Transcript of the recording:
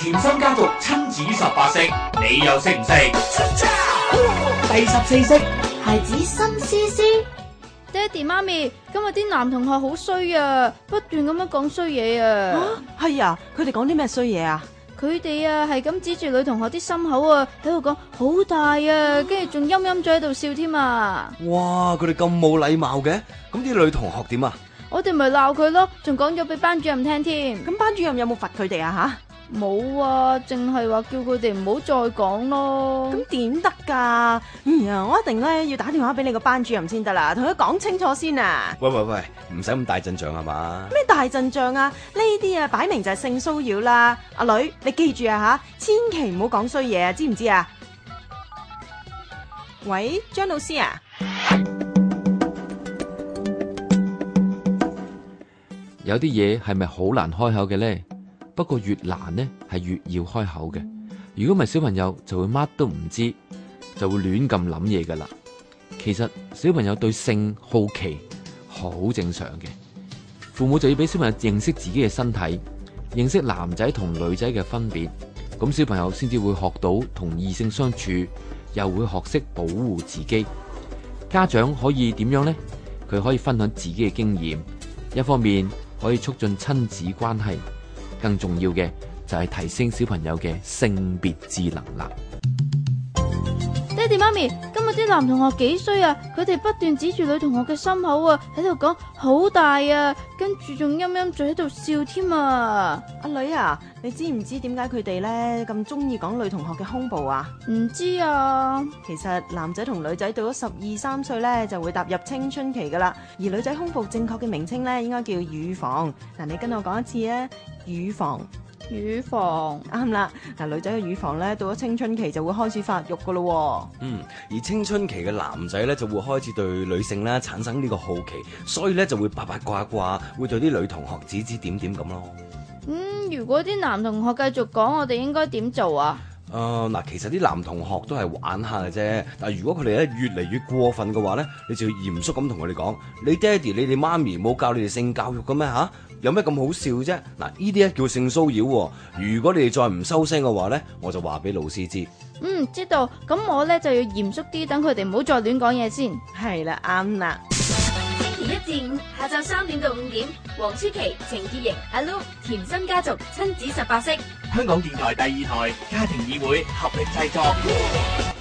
甜心家族親子十八式，你又識唔識？第十四式，孩子心思思。爹哋媽咪，今日啲男同學好衰啊，不斷咁樣講衰嘢啊。係啊，佢哋講啲咩衰嘢啊？佢哋啊，係咁指住女同學啲心口啊，喺度講好大啊，跟住仲陰陰嘴喺度笑添啊。哇，佢哋咁冇禮貌嘅，咁啲女同學點啊？我哋咪鬧佢咯，仲講咗俾班主任聽添。咁班主任有冇罰佢哋啊？吓？冇啊，淨係話叫佢哋唔好再講咯。咁點得噶？哎、嗯、我一定咧要打電話俾你個班主任先得啦，同佢講清楚先啊！喂喂喂，唔使咁大陣仗啊嘛？咩大陣仗啊？呢啲啊擺明就係性騷擾啦！阿女，你記住啊吓，千祈唔好講衰嘢啊，知唔知啊？喂，張老師啊，有啲嘢係咪好難開口嘅呢？不過越難呢，係越要開口嘅。如果唔係小朋友就會乜都唔知，就會亂咁諗嘢噶啦。其實小朋友對性好奇好正常嘅，父母就要俾小朋友認識自己嘅身體，認識男仔同女仔嘅分別，咁小朋友先至會學到同異性相處，又會學識保護自己。家長可以點樣呢？佢可以分享自己嘅經驗，一方面可以促進親子關係。更重要嘅就係提升小朋友嘅性別智能啦。爹哋媽咪。啲男同學幾衰啊！佢哋不斷指住女同學嘅心口啊，喺度講好大啊，跟住仲陰陰嘴喺度笑添啊！阿、啊、女啊，你知唔知點解佢哋咧咁中意講女同學嘅胸部啊？唔知啊。其實男仔同女仔到咗十二三歲咧就會踏入青春期噶啦，而女仔胸部正確嘅名稱咧應該叫乳房。嗱、啊，你跟我講一次啊，乳房。乳房，啱啦。嗱，女仔嘅乳房咧，到咗青春期就會開始發育噶咯。嗯，而青春期嘅男仔咧，就會開始對女性啦產生呢個好奇，所以咧，就會八八卦卦，會對啲女同學指指點點咁咯。嗯，如果啲男同學繼續講，我哋應該點做啊？誒、嗱、呃，其實啲男同學都係玩下嘅啫。但係如果佢哋咧越嚟越過分嘅話咧，你就要嚴肅咁同佢哋講：你爹哋，你哋媽咪冇教你哋性教育嘅咩？吓、啊，有咩咁好笑啫？嗱，呢啲咧叫性騷擾。如果你哋再唔收聲嘅話咧，我就話俾老師知。嗯，知道。咁我咧就要嚴肅啲，等佢哋唔好再亂講嘢先。係啦，啱啦。星期一至五下晝三點到五點，黃舒淇、程潔瑩、阿 Lucy、甜心家族、親子十八式。香港電台第二台家庭議會合力製作。